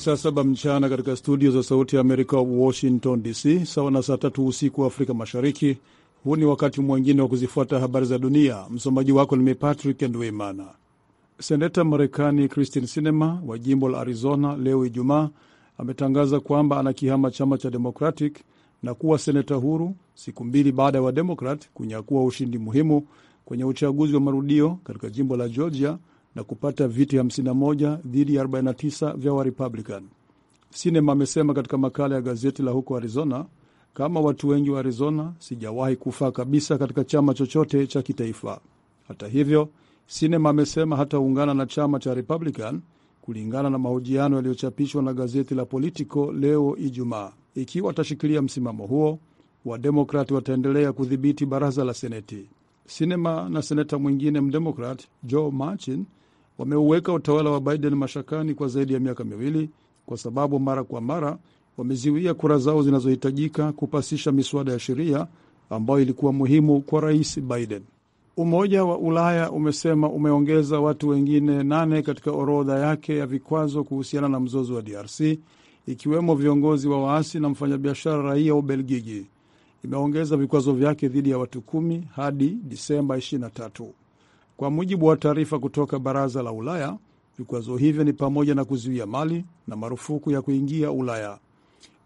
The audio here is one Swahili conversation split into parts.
saa saba mchana katika studio za Sauti ya Amerika, Washington DC, sawa na saa tatu usiku wa Afrika Mashariki. Huu ni wakati mwingine wa kuzifuata habari za dunia. Msomaji wako ni mimi Patrick Ndwimana. Seneta Marekani Kristin Sinema wa jimbo la Arizona leo Ijumaa ametangaza kwamba anakihama chama cha Democratic na kuwa seneta huru, siku mbili baada ya Wademokrat kunyakua ushindi muhimu kwenye uchaguzi wa marudio katika jimbo la Georgia na kupata viti 51 dhidi ya 49 vya Warepublican. Sinema amesema katika makala ya gazeti la huko Arizona, kama watu wengi wa Arizona, sijawahi kufaa kabisa katika chama chochote cha kitaifa. Hata hivyo, Sinema amesema hataungana na chama cha Republican kulingana na mahojiano yaliyochapishwa na gazeti la Politico leo Ijumaa. Ikiwa atashikilia msimamo huo, Wademokrati wataendelea kudhibiti baraza la Seneti. Sinema na seneta mwingine mdemokrat Joe Manchin wameuweka utawala wa Biden mashakani kwa zaidi ya miaka miwili kwa sababu mara kwa mara wameziwia kura zao zinazohitajika kupasisha miswada ya sheria ambayo ilikuwa muhimu kwa Rais Biden. Umoja wa Ulaya umesema umeongeza watu wengine nane katika orodha yake ya vikwazo kuhusiana na mzozo wa DRC, ikiwemo viongozi wa waasi na mfanyabiashara raia wa Ubelgiji. Imeongeza vikwazo vyake dhidi ya watu kumi hadi Disemba tatu. Kwa mujibu wa taarifa kutoka Baraza la Ulaya, vikwazo hivyo ni pamoja na kuzuia mali na marufuku ya kuingia Ulaya.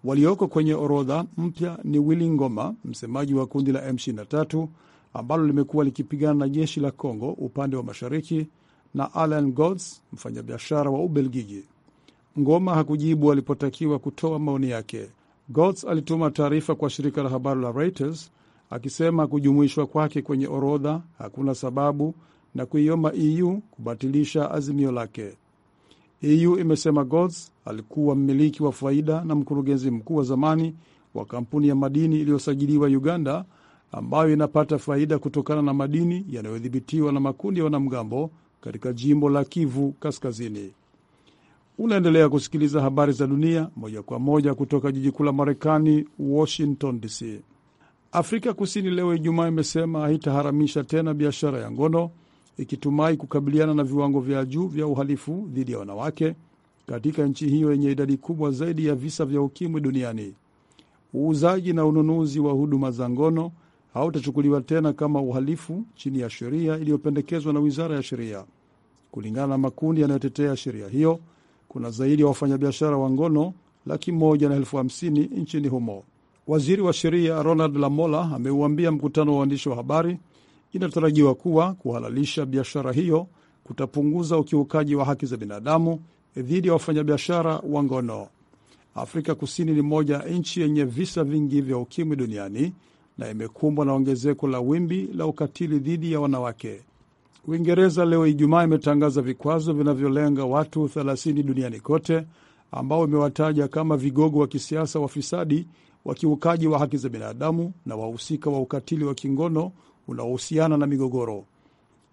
Walioko kwenye orodha mpya ni Willy Ngoma, msemaji wa kundi la M23 ambalo limekuwa likipigana na jeshi la Congo upande wa mashariki na Alan Gods, mfanyabiashara wa Ubelgiji. Ngoma hakujibu alipotakiwa kutoa maoni yake. Gods alituma taarifa kwa shirika la habari la Reuters akisema kujumuishwa kwake kwenye orodha hakuna sababu na kuiomba EU kubatilisha azimio lake. EU imesema Goltz alikuwa mmiliki wa faida na mkurugenzi mkuu wa zamani wa kampuni ya madini iliyosajiliwa Uganda ambayo inapata faida kutokana na madini yanayodhibitiwa na makundi ya wanamgambo katika jimbo la Kivu Kaskazini. Unaendelea kusikiliza habari za dunia moja kwa moja kutoka jiji kuu la Marekani, Washington DC. Afrika Kusini leo Ijumaa imesema haitaharamisha tena biashara ya ngono ikitumai kukabiliana na viwango vya juu vya uhalifu dhidi ya wanawake katika nchi hiyo yenye idadi kubwa zaidi ya visa vya ukimwi duniani. Uuzaji na ununuzi wa huduma za ngono hautachukuliwa tena kama uhalifu chini ya sheria iliyopendekezwa na Wizara ya Sheria. Kulingana na makundi yanayotetea sheria hiyo, kuna zaidi ya wafanyabiashara wa ngono laki moja na elfu hamsini nchini humo. Waziri wa Sheria Ronald Lamola ameuambia mkutano wa waandishi wa habari Inatarajiwa kuwa kuhalalisha biashara hiyo kutapunguza ukiukaji wa haki za binadamu dhidi ya wafanyabiashara wa ngono. Afrika Kusini ni moja ya nchi yenye visa vingi vya ukimwi duniani na imekumbwa na ongezeko la wimbi la ukatili dhidi ya wanawake. Uingereza leo Ijumaa imetangaza vikwazo vinavyolenga watu 30 duniani kote ambao imewataja kama vigogo wa kisiasa, wafisadi, wakiukaji wa haki za binadamu na wahusika wa ukatili wa kingono unaohusiana na migogoro.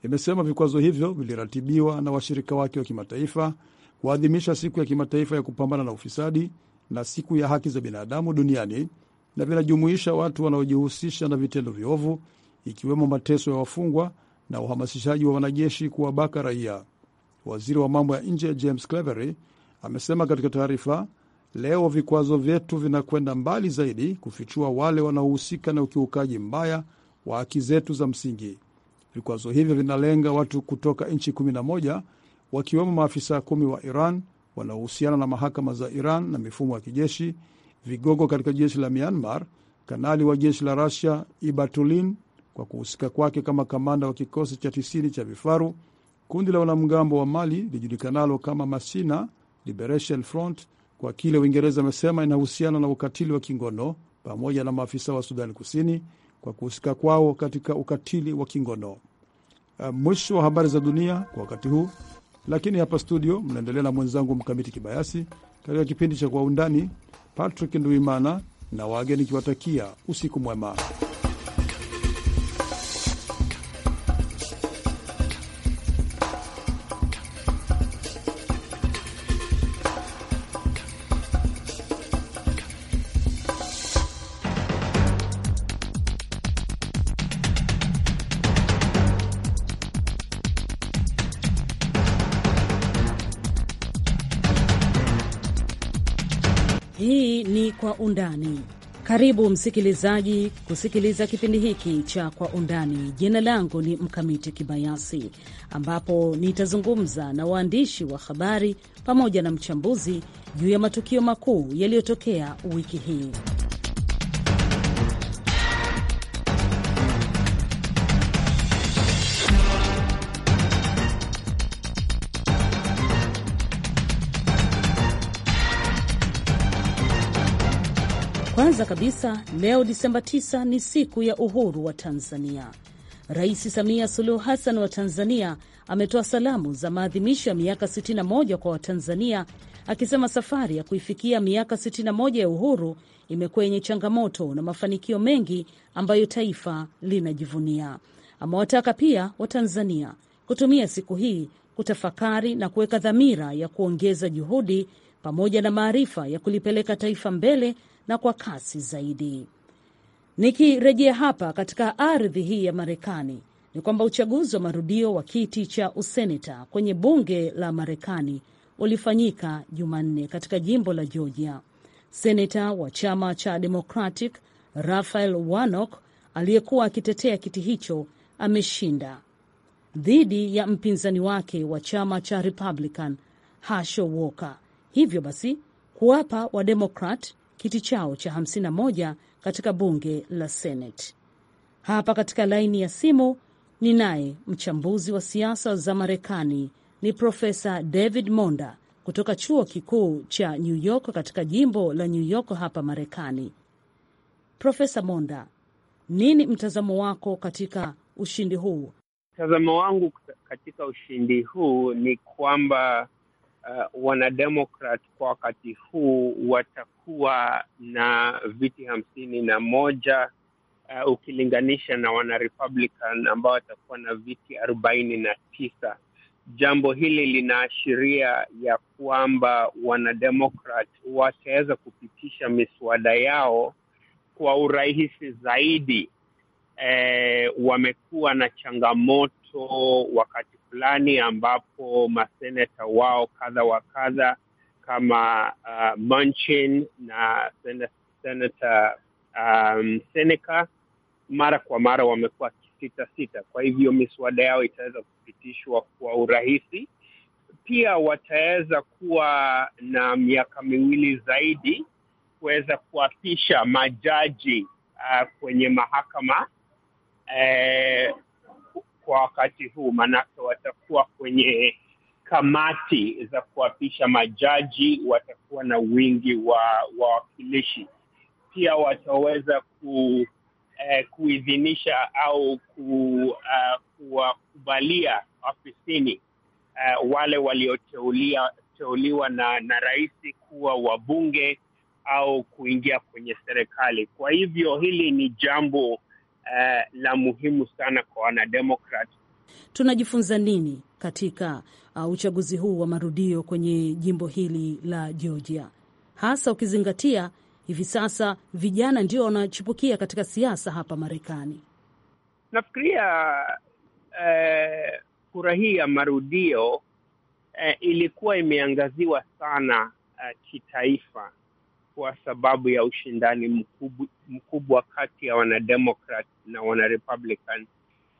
Imesema vikwazo hivyo viliratibiwa na washirika wake wa kimataifa kuadhimisha siku ya kimataifa ya kupambana na ufisadi na siku ya haki za binadamu duniani na vinajumuisha watu wanaojihusisha na vitendo viovu ikiwemo mateso ya wafungwa na uhamasishaji wa wanajeshi kuwabaka raia. Waziri wa mambo ya nje James Cleverly amesema katika taarifa, leo vikwazo vyetu vinakwenda mbali zaidi kufichua wale wanaohusika na ukiukaji mbaya wa haki zetu za msingi. Vikwazo hivyo vinalenga watu kutoka nchi 11 wakiwemo maafisa kumi wa Iran wanaohusiana na mahakama za Iran na mifumo ya kijeshi, vigogo katika jeshi la Myanmar, kanali wa jeshi la Rusia Ibatulin kwa kuhusika kwake kama kamanda wa kikosi cha tisini cha vifaru, kundi la wanamgambo wa Mali lijulikanalo kama Masina Liberation Front kwa kile Uingereza amesema inahusiana na ukatili wa kingono, pamoja na maafisa wa Sudani Kusini kwa kuhusika kwao katika ukatili wa kingono. Uh, mwisho wa habari za dunia kwa wakati huu, lakini hapa studio mnaendelea na mwenzangu Mkamiti Kibayasi katika kipindi cha Kwa Undani. Patrick Nduimana na wageni kiwatakia usiku mwema. Karibu msikilizaji kusikiliza kipindi hiki cha Kwa Undani. Jina langu ni Mkamiti Kibayasi, ambapo nitazungumza na waandishi wa habari pamoja na mchambuzi juu ya matukio makuu yaliyotokea wiki hii. Kwanza kabisa leo Disemba 9 ni siku ya uhuru wa Tanzania. Rais Samia Suluhu Hassan wa Tanzania ametoa salamu za maadhimisho ya miaka 61 kwa Watanzania, akisema safari ya kuifikia miaka 61 ya uhuru imekuwa yenye changamoto na mafanikio mengi ambayo taifa linajivunia. Amewataka pia Watanzania kutumia siku hii kutafakari na kuweka dhamira ya kuongeza juhudi pamoja na maarifa ya kulipeleka taifa mbele na kwa kasi zaidi. Nikirejea hapa katika ardhi hii ya Marekani, ni kwamba uchaguzi wa marudio wa kiti cha useneta kwenye bunge la Marekani ulifanyika Jumanne katika jimbo la Georgia. Seneta wa chama cha Democratic Raphael Warnock aliyekuwa akitetea kiti hicho ameshinda dhidi ya mpinzani wake wa chama cha Republican Herschel Walker, hivyo basi kuwapa Wademokrat kiti chao cha 51 katika bunge la Senate. Hapa katika laini ya simu ni naye mchambuzi wa siasa za Marekani ni Profesa David Monda kutoka chuo kikuu cha New York katika jimbo la New York hapa Marekani. Profesa Monda, nini mtazamo wako katika ushindi huu? Mtazamo wangu katika ushindi huu ni kwamba uh, wanademokrat kwa wakati huu watakuwa na viti hamsini na moja uh, ukilinganisha na wanarepublican ambao watakuwa na viti arobaini na tisa jambo hili linaashiria ya kwamba wanademokrat wataweza kupitisha miswada yao kwa urahisi zaidi. E, wamekuwa na changamoto wakati fulani ambapo maseneta wao kadha wa kadha kama uh, Manchin na senata um, Seneca mara kwa mara wamekuwa sita sita. Kwa hivyo miswada yao itaweza kupitishwa kwa urahisi. Pia wataweza kuwa na miaka miwili zaidi kuweza kuapisha majaji uh, kwenye mahakama uh, kwa wakati huu, maanake watakuwa kwenye kamati za kuapisha majaji, watakuwa na wingi wa wawakilishi. Pia wataweza ku eh, kuidhinisha au ku, uh, kuwakubalia ofisini uh, eh, wale walioteuliwa na, na rais kuwa wabunge au kuingia kwenye serikali. Kwa hivyo hili ni jambo Eh, la muhimu sana kwa wanademokrat. Tunajifunza nini katika uh, uchaguzi huu wa marudio kwenye jimbo hili la Georgia, hasa ukizingatia hivi sasa vijana ndio wanachipukia katika siasa hapa Marekani? Nafikiria uh, kura hii ya marudio uh, ilikuwa imeangaziwa sana uh, kitaifa kwa sababu ya ushindani mkubwa, mkubwa kati ya wanademokrat na wanarepublican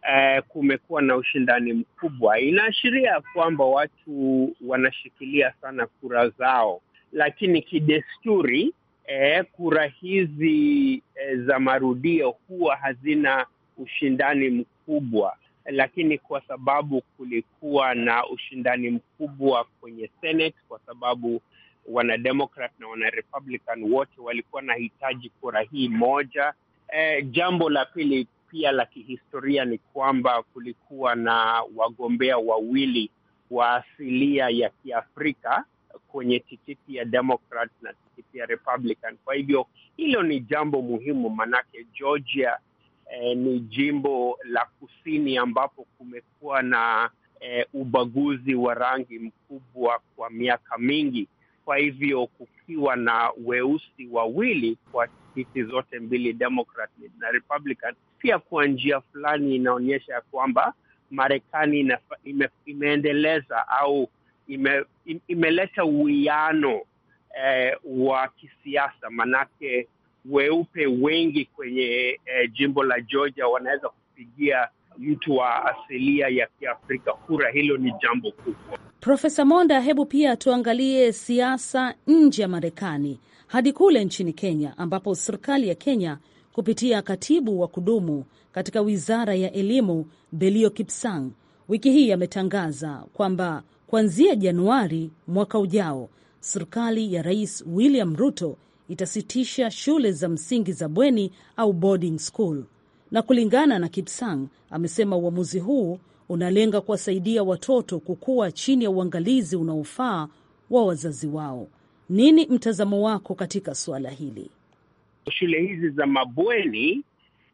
eh, kumekuwa na ushindani mkubwa. Inaashiria kwamba watu wanashikilia sana kura zao, lakini kidesturi eh, kura hizi eh, za marudio huwa hazina ushindani mkubwa, lakini kwa sababu kulikuwa na ushindani mkubwa kwenye Senate kwa sababu wanademokrat na wanarepublican wote walikuwa na hitaji kura hii moja. E, jambo la pili pia la kihistoria ni kwamba kulikuwa na wagombea wawili wa asilia ya Kiafrika kwenye tikiti ya Democrat na tikiti ya Republican. Kwa hivyo hilo ni jambo muhimu, manake Georgia eh, ni jimbo la kusini ambapo kumekuwa na eh, ubaguzi wa rangi mkubwa kwa miaka mingi. Kwa hivyo kukiwa na weusi wawili kwa sisi zote mbili, Democrat na Republican, pia kwa njia fulani inaonyesha kwamba Marekani ime, imeendeleza au ime, imeleta uwiano eh, wa kisiasa manake weupe wengi kwenye eh, jimbo la Georgia wanaweza kupigia mtu wa asilia ya Kiafrika kura. Hilo ni jambo kubwa. Profesa Monda, hebu pia tuangalie siasa nje ya Marekani hadi kule nchini Kenya, ambapo serikali ya Kenya kupitia katibu wa kudumu katika wizara ya elimu Belio Kipsang wiki hii ametangaza kwamba kuanzia Januari mwaka ujao serikali ya Rais William Ruto itasitisha shule za msingi za bweni au boarding school, na kulingana na Kipsang amesema uamuzi huu unalenga kuwasaidia watoto kukua chini ya uangalizi unaofaa wa wazazi wao. Nini mtazamo wako katika suala hili? Shule hizi za mabweni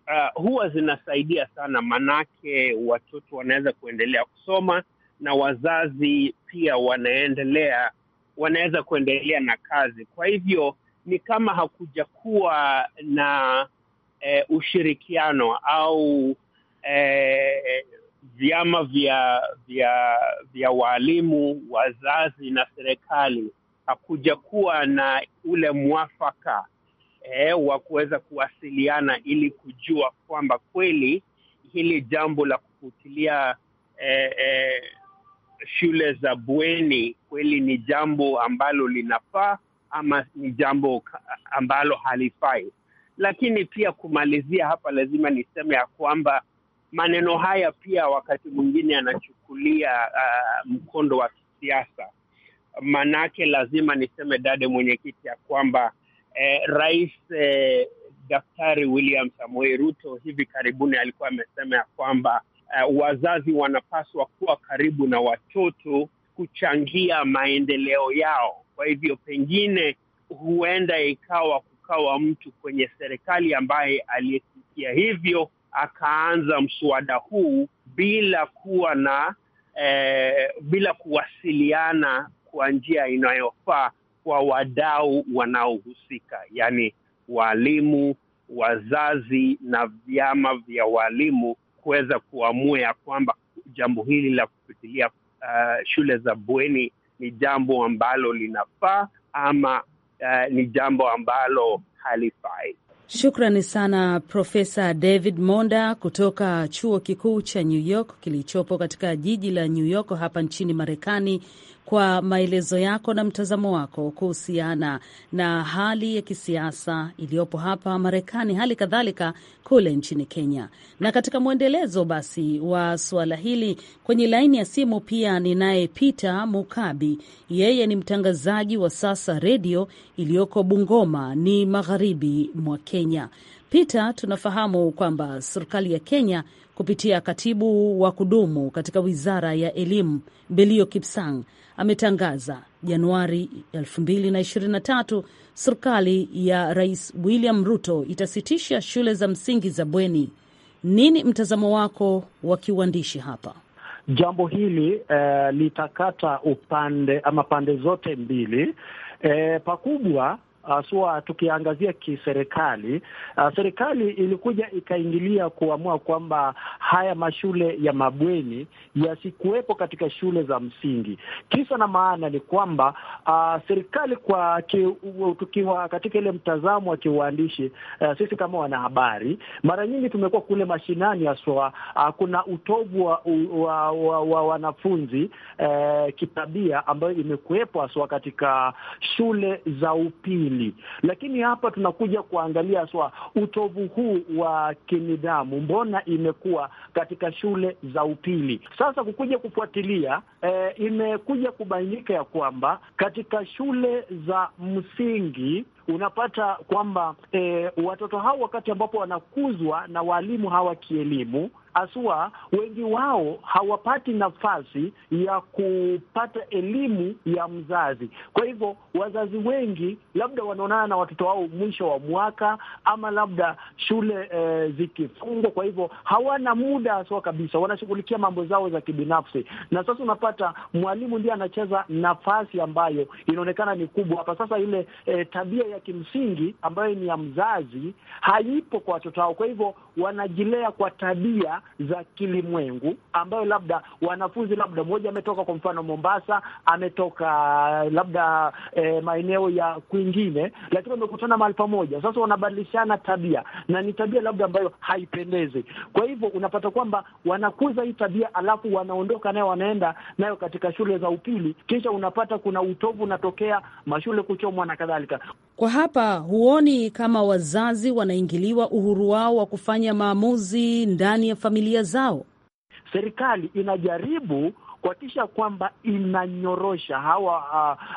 uh, huwa zinasaidia sana, manake watoto wanaweza kuendelea kusoma na wazazi pia wanaendelea wanaweza kuendelea na kazi. Kwa hivyo ni kama hakuja kuwa na eh, ushirikiano au eh, vyama vya vya vya waalimu, wazazi na serikali hakuja kuwa na ule mwafaka eh, wa kuweza kuwasiliana ili kujua kwamba kweli hili jambo la kufutilia eh, eh, shule za bweni kweli ni jambo ambalo linafaa ama ni jambo ambalo halifai. Lakini pia kumalizia hapa, lazima niseme ya kwamba maneno haya pia wakati mwingine yanachukulia uh, mkondo wa kisiasa. Manake lazima niseme dade mwenyekiti, ya kwamba eh, rais eh, Daktari William Samoei Ruto hivi karibuni alikuwa amesema ya kwamba uh, wazazi wanapaswa kuwa karibu na watoto kuchangia maendeleo yao. Kwa hivyo pengine huenda ikawa kukawa mtu kwenye serikali ambaye aliyesikia hivyo akaanza mswada huu bila kuwa na eh, bila kuwasiliana kwa njia inayofaa kwa wadau wanaohusika, yaani walimu, wazazi na vyama vya walimu kuweza kuamua ya kwamba jambo hili la kupitilia uh, eh, shule za bweni ni jambo ambalo linafaa ama uh, ni jambo ambalo halifai. Shukrani sana Profesa David Monda kutoka chuo kikuu cha New York kilichopo katika jiji la New York hapa nchini Marekani kwa maelezo yako na mtazamo wako kuhusiana na hali ya kisiasa iliyopo hapa Marekani, hali kadhalika kule nchini Kenya. Na katika mwendelezo basi wa suala hili, kwenye laini ya simu pia ninaye Peter Mukabi. Yeye ni mtangazaji wa Sasa Redio iliyoko Bungoma, ni magharibi mwa Kenya. Peter, tunafahamu kwamba serikali ya Kenya kupitia katibu wa kudumu katika wizara ya elimu Belio Kipsang ametangaza Januari 2023 serikali ya Rais William Ruto itasitisha shule za msingi za bweni. Nini mtazamo wako wa kiuandishi hapa? Jambo hili eh, litakata upande ama pande zote mbili. Eh, pakubwa haswa tukiangazia kiserikali. Uh, serikali ilikuja ikaingilia kuamua kwamba haya mashule ya mabweni yasikuwepo katika shule za msingi. Kisa na maana ni kwamba uh, serikali kwa ki, tukiwa katika ile mtazamo wa kiuandishi uh, sisi kama wanahabari mara nyingi tumekuwa kule mashinani haswa, uh, kuna utovu wa, wa, wa, wa wanafunzi uh, kitabia ambayo imekuwepo haswa katika shule za upili akili. Lakini hapa tunakuja kuangalia swa utovu huu wa kinidhamu, mbona imekuwa katika shule za upili? Sasa kukuja kufuatilia e, imekuja kubainika ya kwamba katika shule za msingi unapata kwamba e, watoto hao wakati ambapo wanakuzwa na waalimu hawa kielimu haswa wengi wao hawapati nafasi ya kupata elimu ya mzazi. Kwa hivyo wazazi wengi labda wanaonana na watoto wao mwisho wa mwaka ama labda shule e, zikifungwa. Kwa hivyo hawana muda haswa kabisa, wanashughulikia mambo zao za kibinafsi, na sasa unapata mwalimu ndiye anacheza nafasi ambayo inaonekana ni kubwa hapa. Sasa ile e, tabia ya kimsingi ambayo ni ya mzazi haipo kwa watoto hao, kwa hivyo wanajilea kwa tabia za kilimwengu ambayo labda wanafunzi labda mmoja ametoka kwa mfano Mombasa, ametoka eh, labda e, maeneo ya kwingine, lakini wamekutana mahali pamoja. Sasa wanabadilishana tabia na ni tabia labda ambayo haipendezi. Kwa hivyo unapata kwamba wanakuza hii tabia, alafu wanaondoka nayo, wanaenda nayo katika shule za upili, kisha unapata kuna utovu unatokea, mashule kuchomwa na kadhalika. Kwa hapa huoni kama wazazi wanaingiliwa uhuru wao wa kufanya maamuzi ndani ya familia zao? Serikali inajaribu kuhakikisha kwamba inanyorosha hawa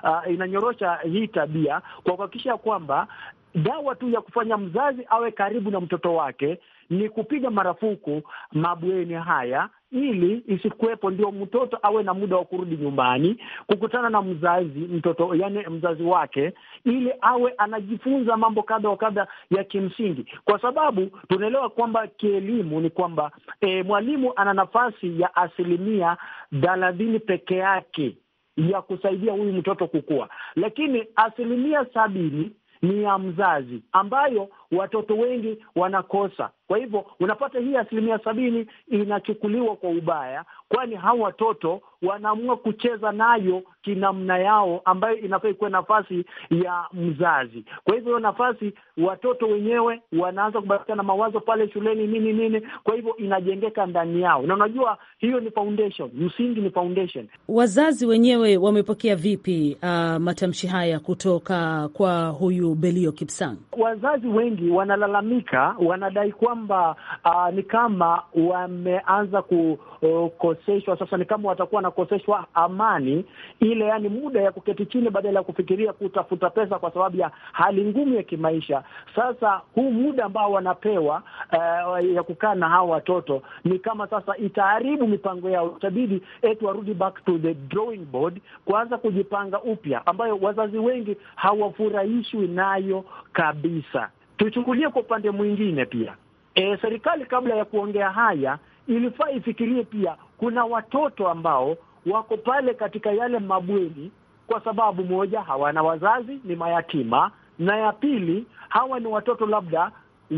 uh, uh, inanyorosha hii tabia kwa kuhakikisha kwamba dawa tu ya kufanya mzazi awe karibu na mtoto wake ni kupiga marufuku mabweni haya ili isikuwepo, ndio mtoto awe na muda wa kurudi nyumbani kukutana na mzazi mtoto, yani mzazi wake, ili awe anajifunza mambo kadha wa kadha ya kimsingi, kwa sababu tunaelewa kwamba kielimu ni kwamba e, mwalimu ana nafasi ya asilimia thelathini peke yake ya kusaidia huyu mtoto kukua, lakini asilimia sabini ni ya mzazi ambayo watoto wengi wanakosa. Kwa hivyo unapata hii asilimia sabini inachukuliwa kwa ubaya, kwani hawa watoto wanaamua kucheza nayo kinamna yao, ambayo inafaa ikuwa nafasi ya mzazi. Kwa hivyo hiyo nafasi watoto wenyewe wanaanza kubadilika na mawazo pale shuleni, nini nini, kwa hivyo inajengeka ndani yao, na unajua hiyo ni foundation, msingi ni foundation. Wazazi wenyewe wamepokea vipi uh, matamshi haya kutoka kwa huyu Belio Kipsang? Wazazi wengi wengi wanalalamika, wanadai kwamba uh, ni kama wameanza kukoseshwa, oh, sasa ni kama watakuwa wanakoseshwa amani ile, yani muda ya kuketi chini badala ya kufikiria kutafuta pesa kwa sababu ya hali ngumu ya kimaisha. Sasa huu muda ambao wanapewa uh, ya kukaa na hawa watoto ni kama sasa itaharibu mipango yao, itabidi eti warudi back to the drawing board kuanza kujipanga upya, ambayo wazazi wengi hawafurahishwi nayo kabisa. Tuchukulie kwa upande mwingine pia e, serikali kabla ya kuongea haya ilifaa ifikirie pia kuna watoto ambao wako pale katika yale mabweni kwa sababu moja, hawana wazazi, ni mayatima, na ya pili, hawa ni watoto labda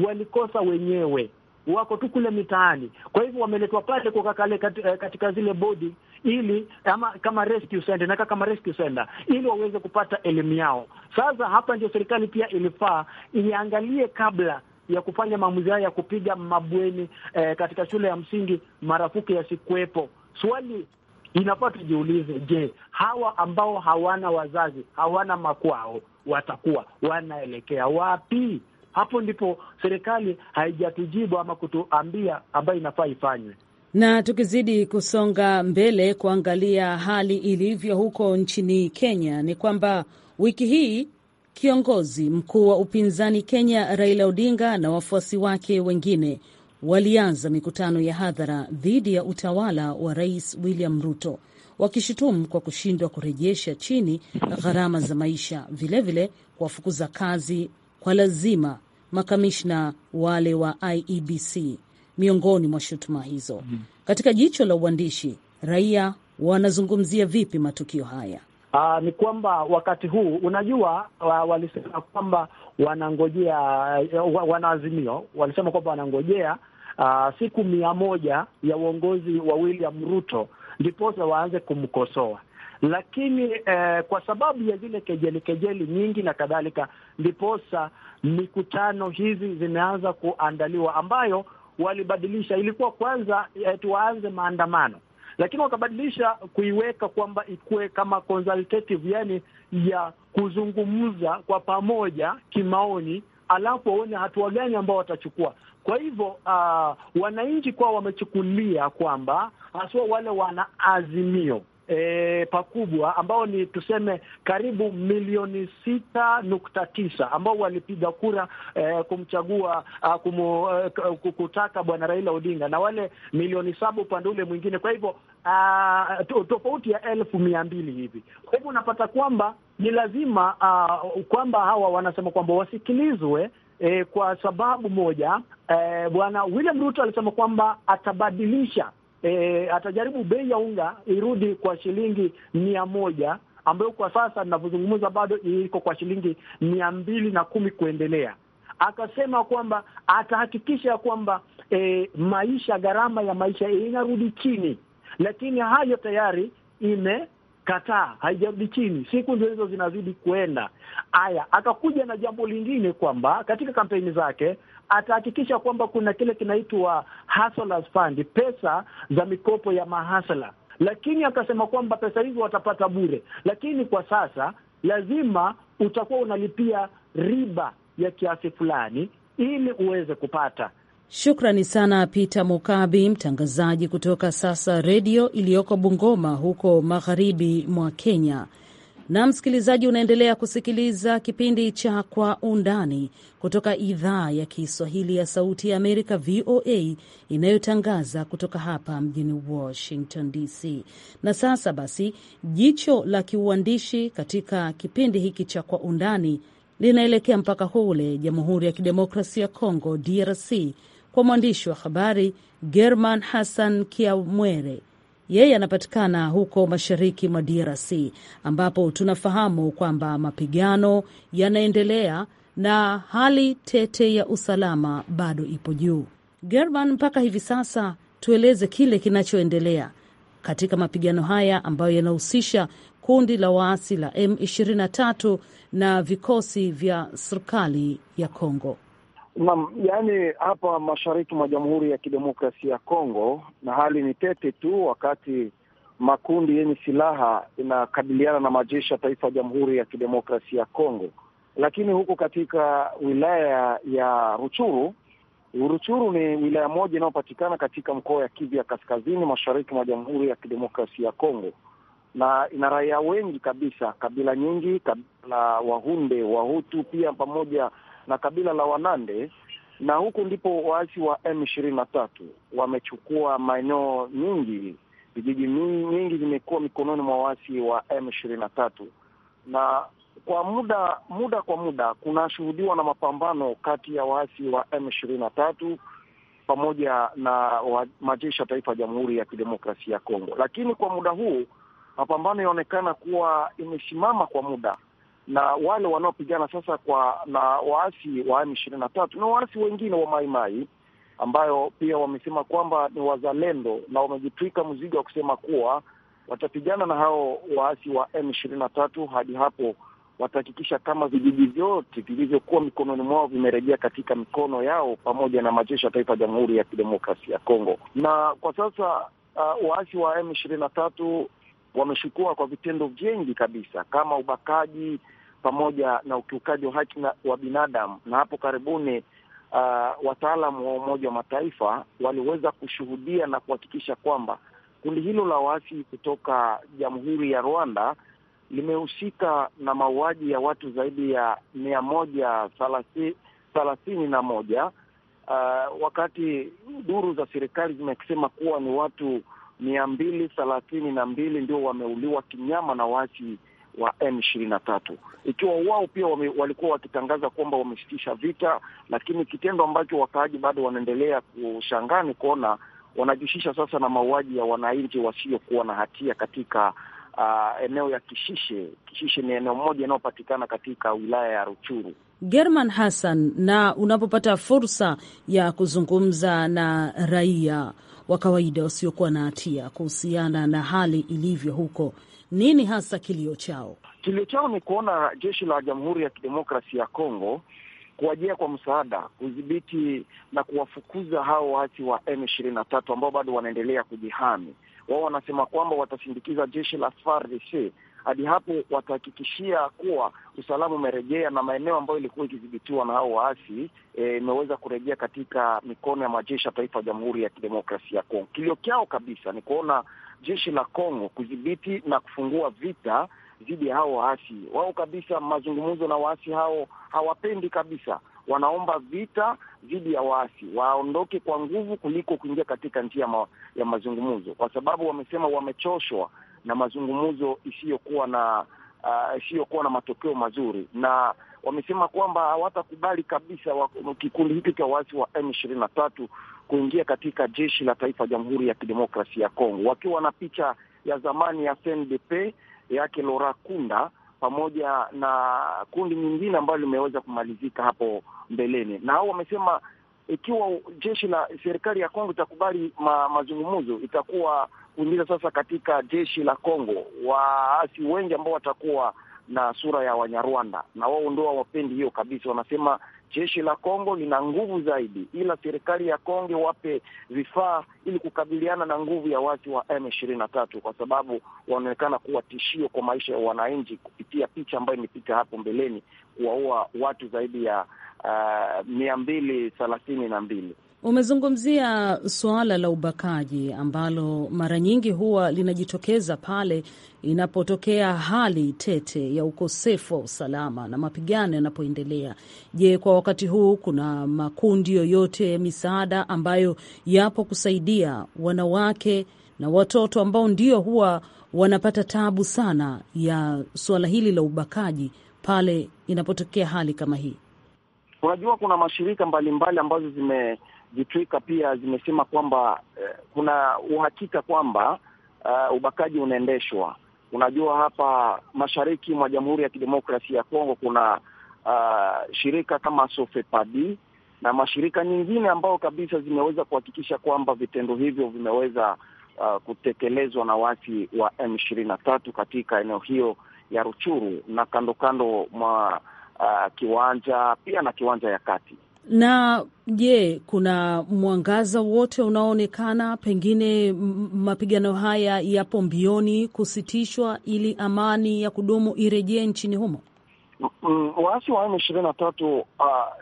walikosa wenyewe wako tu kule mitaani. Kwa hivyo wameletwa pale kukakale eh, katika zile bodi, ili ama kama rescue center, na kama rescue center, ili waweze kupata elimu yao. Sasa hapa ndio serikali pia ilifaa iangalie kabla ya kufanya maamuzi hayo ya kupiga mabweni eh, katika shule ya msingi marafuki yasikuwepo. Swali inafaa tujiulize, je, hawa ambao hawana wazazi hawana makwao watakuwa wanaelekea wapi? Hapo ndipo serikali haijatujibu ama kutuambia ambayo inafaa ifanywe. Na tukizidi kusonga mbele kuangalia hali ilivyo huko nchini Kenya, ni kwamba wiki hii kiongozi mkuu wa upinzani Kenya Raila Odinga na wafuasi wake wengine walianza mikutano ya hadhara dhidi ya utawala wa Rais William Ruto, wakishutumu kwa kushindwa kurejesha chini gharama za maisha, vilevile kuwafukuza kazi kwa lazima makamishna wale wa IEBC miongoni mwa shutuma hizo. Mm. Katika jicho la uandishi, raia wanazungumzia vipi matukio haya? Aa, ah, ni kwamba wakati huu unajua wa, walisema kwamba wanangojea wanaazimio, walisema kwamba wanangojea aa, ah, siku mia moja ya uongozi wa William Ruto ndiposa waanze kumkosoa lakini eh, kwa sababu ya zile kejeli kejeli nyingi na kadhalika, ndiposa mikutano hizi zimeanza kuandaliwa, ambayo walibadilisha. Ilikuwa kwanza eh, tuwaanze maandamano, lakini wakabadilisha kuiweka kwamba ikuwe kama consultative, yani ya kuzungumza kwa pamoja kimaoni, alafu waone hatua gani ambao watachukua. Kwa hivyo uh, wananchi kwao wamechukulia kwamba haswa wale wana azimio e, pakubwa ambao ni tuseme karibu milioni sita nukta tisa ambao walipiga kura e, kumchagua a, kumu, e, kutaka bwana Raila Odinga na wale milioni saba upande ule mwingine. Kwa hivyo uh, tofauti ya elfu mia mbili hivi. Kwa hivyo unapata kwamba ni lazima uh, kwamba hawa wanasema kwamba wasikilizwe eh, kwa sababu moja eh, bwana William Ruto alisema kwamba atabadilisha e, atajaribu bei ya unga irudi kwa shilingi mia moja ambayo kwa sasa ninavyozungumza bado iko kwa shilingi mia mbili na kumi kuendelea. Akasema kwamba atahakikisha kwamba e, maisha, gharama ya maisha inarudi chini, lakini hayo tayari ime kataa haijarudi chini, siku ndio hizo zinazidi kuenda. Aya, akakuja na jambo lingine kwamba katika kampeni zake atahakikisha kwamba kuna kile kinaitwa hustlers fund, pesa za mikopo ya mahasala, lakini akasema kwamba pesa hizo watapata bure, lakini kwa sasa lazima utakuwa unalipia riba ya kiasi fulani ili uweze kupata. Shukrani sana Peter Mukabi, mtangazaji kutoka Sasa Redio iliyoko Bungoma huko magharibi mwa Kenya na msikilizaji, unaendelea kusikiliza kipindi cha Kwa Undani kutoka idhaa ya Kiswahili ya Sauti ya Amerika, VOA, inayotangaza kutoka hapa mjini Washington DC. Na sasa basi, jicho la kiuandishi katika kipindi hiki cha Kwa Undani linaelekea mpaka hule Jamhuri ya Kidemokrasia ya Kongo, DRC, kwa mwandishi wa habari German Hassan Kiamwere yeye anapatikana huko mashariki mwa DRC ambapo tunafahamu kwamba mapigano yanaendelea na hali tete ya usalama bado ipo juu. German, mpaka hivi sasa tueleze kile kinachoendelea katika mapigano haya ambayo yanahusisha kundi la waasi la M23 na vikosi vya serikali ya Kongo. Naam, yaani hapa mashariki mwa Jamhuri ya Kidemokrasia ya Kongo, na hali ni tete tu, wakati makundi yenye silaha inakabiliana na majeshi ya taifa ya Jamhuri ya Kidemokrasia ya Kongo. Lakini huko katika wilaya ya Ruchuru, Ruchuru ni wilaya moja inayopatikana katika mkoa ya Kivu ya kaskazini mashariki mwa Jamhuri ya Kidemokrasia ya Kongo, na ina raia wengi kabisa, kabila nyingi, kabila la Wahunde, Wahutu pia pamoja na kabila la Wanande, na huku ndipo waasi wa M ishirini na tatu wamechukua maeneo nyingi. Vijiji nyingi vimekuwa mikononi mwa waasi wa M ishirini na tatu na kwa muda muda kwa muda kunashuhudiwa na mapambano kati ya waasi wa M ishirini na tatu pamoja na majeshi ya taifa ya Jamhuri ya Kidemokrasia ya Kongo, lakini kwa muda huu mapambano yaonekana kuwa imesimama kwa muda, na wale wanaopigana sasa kwa na waasi wa M ishirini na tatu na waasi wengine wa Maimai ambayo pia wamesema kwamba ni wazalendo na wamejitwika mzigo wa kusema kuwa watapigana na hao waasi wa M ishirini na tatu hadi hapo watahakikisha kama vijiji vyote vilivyokuwa mikononi mwao vimerejea katika mikono yao pamoja na majeshi ya taifa ya Jamhuri ya Kidemokrasia ya Kongo. Na kwa sasa uh, waasi wa M ishirini na tatu wameshukua kwa vitendo vingi kabisa kama ubakaji pamoja na ukiukaji wa haki wa binadamu. Na hapo karibuni uh, wataalam wa Umoja wa Mataifa waliweza kushuhudia na kuhakikisha kwamba kundi hilo la waasi kutoka Jamhuri ya Rwanda limehusika na mauaji ya watu zaidi ya mia moja thelathini na moja uh, wakati duru za serikali zimesema kuwa ni watu mia mbili thelathini na mbili ndio wameuliwa kinyama na waasi wa M ishirini na tatu, ikiwa wao pia wame, walikuwa wakitangaza kwamba wamesitisha vita, lakini kitendo ambacho wakaaji bado wanaendelea kushangaa ni kuona wanajihusisha sasa na mauaji ya wananchi wasiokuwa na hatia katika uh, eneo ya Kishishe. Kishishe ni eneo moja inayopatikana katika wilaya ya Ruchuru. German Hassan, na unapopata fursa ya kuzungumza na raia wa kawaida wasiokuwa na hatia kuhusiana na hali ilivyo huko. Nini hasa kilio chao? Kilio chao ni kuona jeshi la Jamhuri ya Kidemokrasia ya Kongo kuwajia kwa msaada kudhibiti na kuwafukuza hao waasi wa M ishirini na tatu ambao bado wanaendelea kujihami. Wao wanasema kwamba watasindikiza jeshi la FARDC hadi hapo watahakikishia kuwa usalama umerejea na maeneo ambayo ilikuwa ikidhibitiwa na hao waasi e, imeweza e, kurejea katika mikono ya majeshi ya taifa ya Jamhuri ya Kidemokrasia ya Kongo. Kilio kyao kabisa ni kuona jeshi la Kongo kudhibiti na kufungua vita dhidi ya hao waasi. Wao kabisa mazungumzo na waasi hao hawapendi kabisa, wanaomba vita dhidi ya waasi waondoke kwa nguvu kuliko kuingia katika njia ma, ya mazungumzo, kwa sababu wamesema wamechoshwa na mazungumzo isiyokuwa na uh, isiyokuwa na matokeo mazuri, na wamesema kwamba hawatakubali kabisa wa, kikundi hiki cha waasi wa M ishirini na tatu kuingia katika jeshi la taifa Jamhuri ya Kidemokrasia ya Kongo, wakiwa na picha ya zamani ya CNDP yake Lora Kunda pamoja na kundi nyingine ambayo limeweza kumalizika hapo mbeleni, na hao wamesema ikiwa jeshi la serikali ya Kongo itakubali ma, mazungumzo itakuwa kuingiza sasa katika jeshi la Kongo waasi wengi ambao watakuwa na sura ya Wanyarwanda, na wao ndio hawapendi hiyo kabisa. Wanasema jeshi la Kongo lina nguvu zaidi, ila serikali ya Kongo wape vifaa ili kukabiliana na nguvu ya watu wa M23, kwa sababu wanaonekana kuwa tishio kwa maisha ya wananchi kupitia picha ambayo imepita hapo mbeleni, kuwaua watu zaidi ya uh, mia mbili thelathini na mbili. Umezungumzia suala la ubakaji ambalo mara nyingi huwa linajitokeza pale inapotokea hali tete ya ukosefu wa usalama na mapigano yanapoendelea. Je, kwa wakati huu kuna makundi yoyote ya misaada ambayo yapo kusaidia wanawake na watoto ambao ndio huwa wanapata tabu sana ya suala hili la ubakaji pale inapotokea hali kama hii? Unajua, kuna mashirika mbalimbali mbali ambazo zime Jitwika pia zimesema kwamba eh, kuna uhakika kwamba uh, ubakaji unaendeshwa. Unajua, hapa mashariki mwa Jamhuri ya Kidemokrasia ya Kongo kuna uh, shirika kama Sofepadi na mashirika nyingine ambayo kabisa zimeweza kuhakikisha kwamba vitendo hivyo vimeweza uh, kutekelezwa na wasi wa m ishirini na tatu katika eneo hiyo ya Ruchuru na kando kando mwa uh, kiwanja pia na kiwanja ya kati na je, kuna mwangaza wote unaoonekana? Pengine mapigano haya yapo mbioni kusitishwa ili amani ya kudumu irejee nchini humo. Waasi wa M ishirini na tatu uh,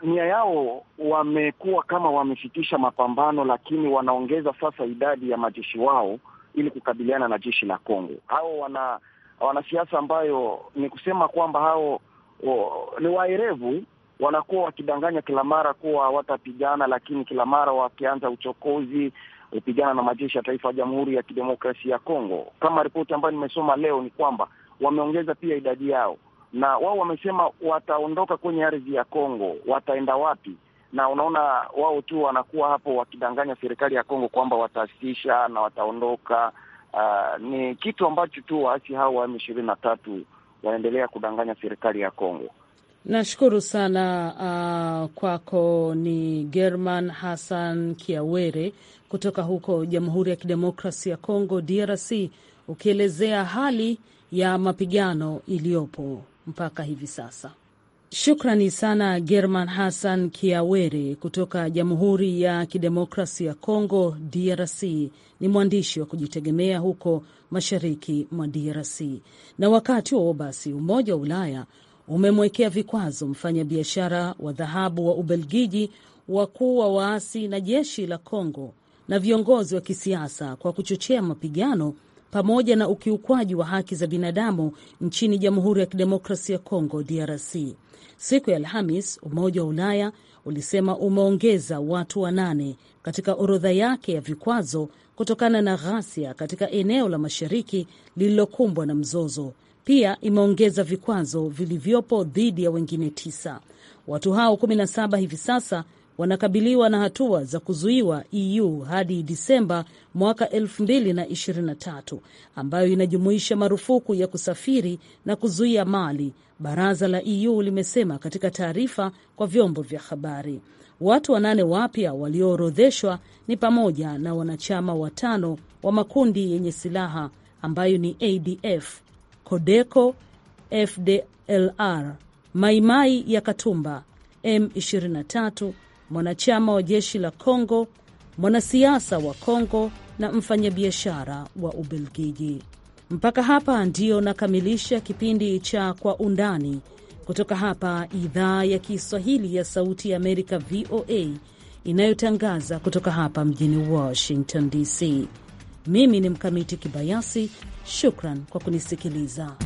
nia yao wamekuwa kama wamesitisha mapambano, lakini wanaongeza sasa idadi ya majeshi wao ili kukabiliana na jeshi la Kongo. Hao wana wanasiasa ambayo ni kusema kwamba hao o, ni waerevu wanakuwa wakidanganya kila mara kuwa watapigana, lakini kila mara wakianza uchokozi kupigana na majeshi ya taifa ya Jamhuri ya Kidemokrasia ya Kongo. Kama ripoti ambayo nimesoma leo, ni kwamba wameongeza pia idadi yao, na wao wamesema wataondoka kwenye ardhi ya Kongo, wataenda wapi? Na unaona wao tu wanakuwa hapo wakidanganya serikali ya Kongo kwamba watasitisha na wataondoka. Uh, ni kitu ambacho tu waasi hao wa M ishirini na tatu wanaendelea kudanganya serikali ya Kongo. Nashukuru sana uh, kwako. Ni German Hassan Kiawere kutoka huko Jamhuri ya Kidemokrasi ya Kongo, DRC, ukielezea hali ya mapigano iliyopo mpaka hivi sasa. Shukrani sana German Hassan Kiawere kutoka Jamhuri ya Kidemokrasi ya Kongo, DRC. Ni mwandishi wa kujitegemea huko mashariki mwa DRC. Na wakati huo basi, Umoja wa Ulaya umemwekea vikwazo mfanyabiashara wa dhahabu wa Ubelgiji, wakuu wa waasi na jeshi la Kongo na viongozi wa kisiasa kwa kuchochea mapigano pamoja na ukiukwaji wa haki za binadamu nchini Jamhuri ya Kidemokrasia ya Kongo, DRC. Siku ya Alhamis, Umoja wa Ulaya ulisema umeongeza watu wanane katika orodha yake ya vikwazo kutokana na ghasia katika eneo la mashariki lililokumbwa na mzozo, pia imeongeza vikwazo vilivyopo dhidi ya wengine tisa. Watu hao 17 hivi sasa wanakabiliwa na hatua za kuzuiwa EU hadi Disemba mwaka 2023 ambayo inajumuisha marufuku ya kusafiri na kuzuia mali, baraza la EU limesema katika taarifa kwa vyombo vya habari. Watu wanane wapya walioorodheshwa ni pamoja na wanachama watano wa makundi yenye silaha ambayo ni ADF kodeko FDLR, Maimai ya Katumba, M23, mwanachama wa jeshi la Kongo, mwanasiasa wa Kongo na mfanyabiashara wa Ubelgiji. Mpaka hapa ndio nakamilisha kipindi cha Kwa Undani kutoka hapa idhaa ya Kiswahili ya Sauti ya Amerika, VOA, inayotangaza kutoka hapa mjini Washington DC. Mimi ni Mkamiti Kibayasi, shukran kwa kunisikiliza.